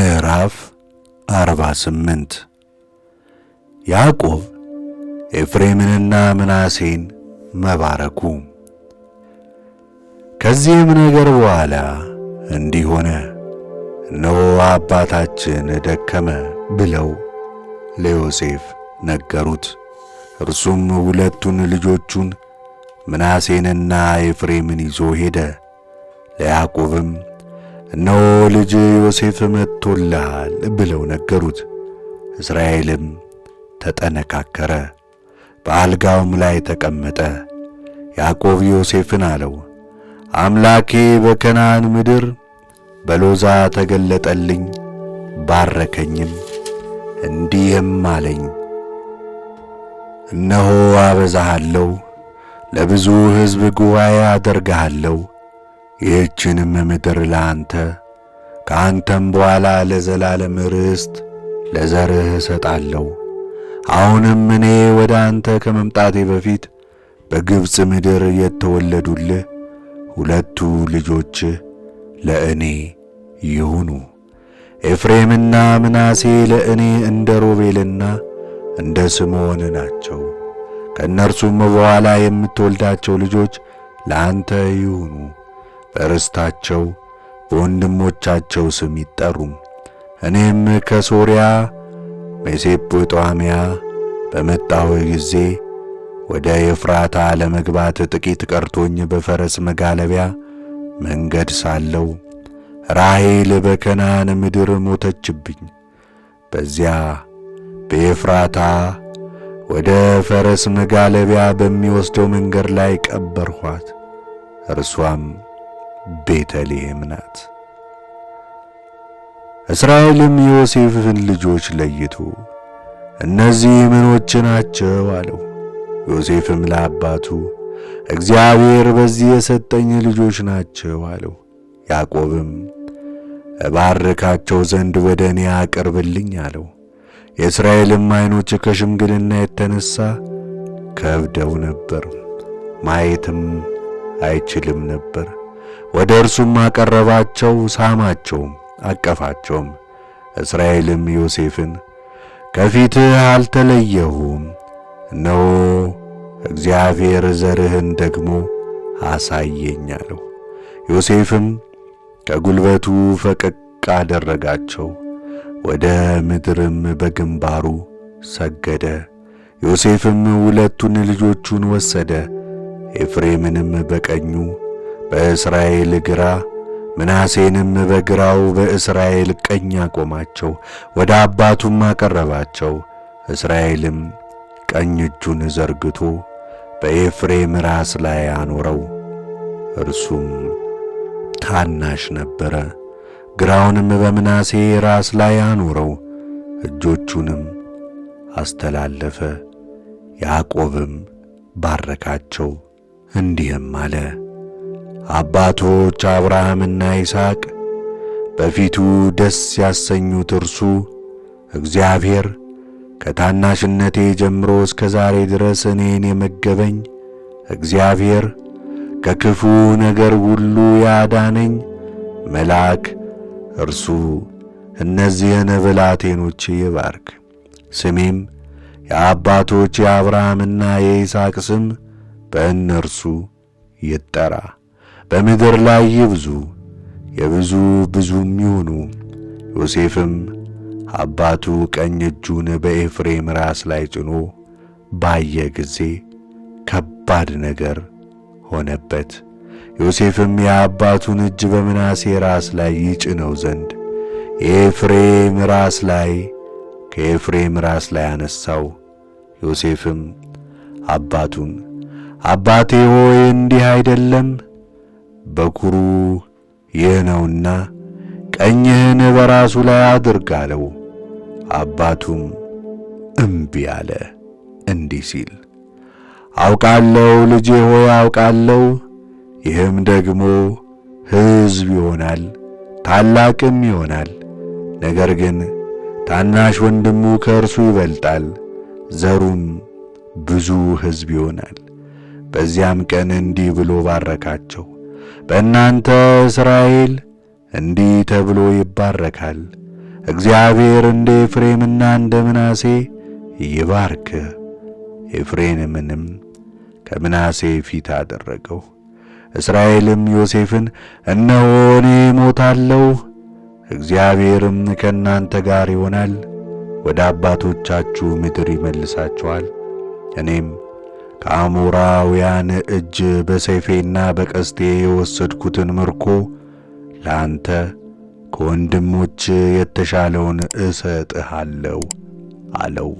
ምዕራፍ 48 ያዕቆብ ኤፍሬምንና ምናሴን መባረኩ። ከዚህም ነገር በኋላ እንዲህ ሆነ፣ እነሆ አባታችን ደከመ ብለው ለዮሴፍ ነገሩት። እርሱም ሁለቱን ልጆቹን ምናሴንና ኤፍሬምን ይዞ ሄደ። ለያዕቆብም እነሆ ልጅ ዮሴፍ መጥቶልሃል ብለው ነገሩት። እስራኤልም ተጠነካከረ፣ በአልጋውም ላይ ተቀመጠ። ያዕቆብ ዮሴፍን አለው፣ አምላኬ በከናን ምድር በሎዛ ተገለጠልኝ፣ ባረከኝም፣ እንዲህም አለኝ፣ እነሆ አበዛሃለሁ፣ ለብዙ ሕዝብ ጉባኤ አደርግሃለሁ ይህችንም ምድር ለአንተ ከአንተም በኋላ ለዘላለም ርስት ለዘርህ እሰጣለሁ። አሁንም እኔ ወደ አንተ ከመምጣቴ በፊት በግብፅ ምድር የተወለዱልህ ሁለቱ ልጆች ለእኔ ይሁኑ። ኤፍሬምና ምናሴ ለእኔ እንደ ሮቤልና እንደ ስምዖን ናቸው። ከእነርሱም በኋላ የምትወልዳቸው ልጆች ለአንተ ይሁኑ። በርስታቸው በወንድሞቻቸው ስም ይጠሩ። እኔም ከሶርያ ሜሴፖጣሚያ በመጣሁ ጊዜ ወደ ኤፍራታ ለመግባት ጥቂት ቀርቶኝ በፈረስ መጋለቢያ መንገድ ሳለው ራሄል በከናን ምድር ሞተችብኝ። በዚያ በኤፍራታ ወደ ፈረስ መጋለቢያ በሚወስደው መንገድ ላይ ቀበርኋት። እርሷም ቤተልሔም ናት። እስራኤልም የዮሴፍን ልጆች ለይቶ እነዚህ ምኖች ናቸው አለው። ዮሴፍም ለአባቱ እግዚአብሔር በዚህ የሰጠኝ ልጆች ናቸው አለው። ያዕቆብም እባርካቸው ዘንድ ወደ እኔ አቅርብልኝ አለው። የእስራኤልም ዓይኖች ከሽምግልና የተነሳ ከብደው ነበር፣ ማየትም አይችልም ነበር። ወደ እርሱም አቀረባቸው፣ ሳማቸውም፣ አቀፋቸውም። እስራኤልም ዮሴፍን ከፊትህ አልተለየሁም፣ እነሆ እግዚአብሔር ዘርህን ደግሞ አሳየኝ አለው። ዮሴፍም ከጉልበቱ ፈቀቅ አደረጋቸው፣ ወደ ምድርም በግንባሩ ሰገደ። ዮሴፍም ሁለቱን ልጆቹን ወሰደ፣ ኤፍሬምንም በቀኙ በእስራኤል ግራ ምናሴንም በግራው በእስራኤል ቀኝ አቆማቸው፣ ወደ አባቱም አቀረባቸው። እስራኤልም ቀኝ እጁን ዘርግቶ በኤፍሬም ራስ ላይ አኖረው፣ እርሱም ታናሽ ነበረ። ግራውንም በምናሴ ራስ ላይ አኖረው፣ እጆቹንም አስተላለፈ። ያዕቆብም ባረካቸው፣ እንዲህም አለ፦ አባቶች አብርሃምና ይስሐቅ በፊቱ ደስ ያሰኙት እርሱ እግዚአብሔር ከታናሽነቴ ጀምሮ እስከ ዛሬ ድረስ እኔን የመገበኝ እግዚአብሔር ከክፉ ነገር ሁሉ ያዳነኝ መልአክ እርሱ እነዚህን ብላቴኖች ይባርክ። ስሜም የአባቶች የአብርሃምና የይስሐቅ ስም በእነርሱ ይጠራ። በምድር ላይ ይብዙ፣ የብዙ ብዙም ይሁኑ። ዮሴፍም አባቱ ቀኝ እጁን በኤፍሬም ራስ ላይ ጭኖ ባየ ጊዜ ከባድ ነገር ሆነበት። ዮሴፍም የአባቱን እጅ በምናሴ ራስ ላይ ይጭነው ዘንድ የኤፍሬም ራስ ላይ ከኤፍሬም ራስ ላይ አነሳው። ዮሴፍም አባቱን አባቴ ሆይ እንዲህ አይደለም በኩሩ ይህ ነውና ቀኝህን በራሱ ላይ አድርግ አለው። አባቱም እምቢ አለ እንዲህ ሲል አውቃለሁ ልጄ ሆይ አውቃለሁ። ይህም ደግሞ ሕዝብ ይሆናል፣ ታላቅም ይሆናል። ነገር ግን ታናሽ ወንድሙ ከእርሱ ይበልጣል፣ ዘሩም ብዙ ሕዝብ ይሆናል። በዚያም ቀን እንዲህ ብሎ ባረካቸው በእናንተ እስራኤል እንዲህ ተብሎ ይባረካል። እግዚአብሔር እንደ ኤፍሬምና እንደ ምናሴ ይባርክ። ኤፍሬምንም ከምናሴ ፊት አደረገው። እስራኤልም ዮሴፍን እነሆ እኔ ሞታለሁ፣ እግዚአብሔርም ከእናንተ ጋር ይሆናል፣ ወደ አባቶቻችሁ ምድር ይመልሳችኋል፣ እኔም ከአሞራውያን እጅ በሰይፌና በቀስቴ የወሰድኩትን ምርኮ ለአንተ ከወንድሞች የተሻለውን እሰጥሃለሁ አለው።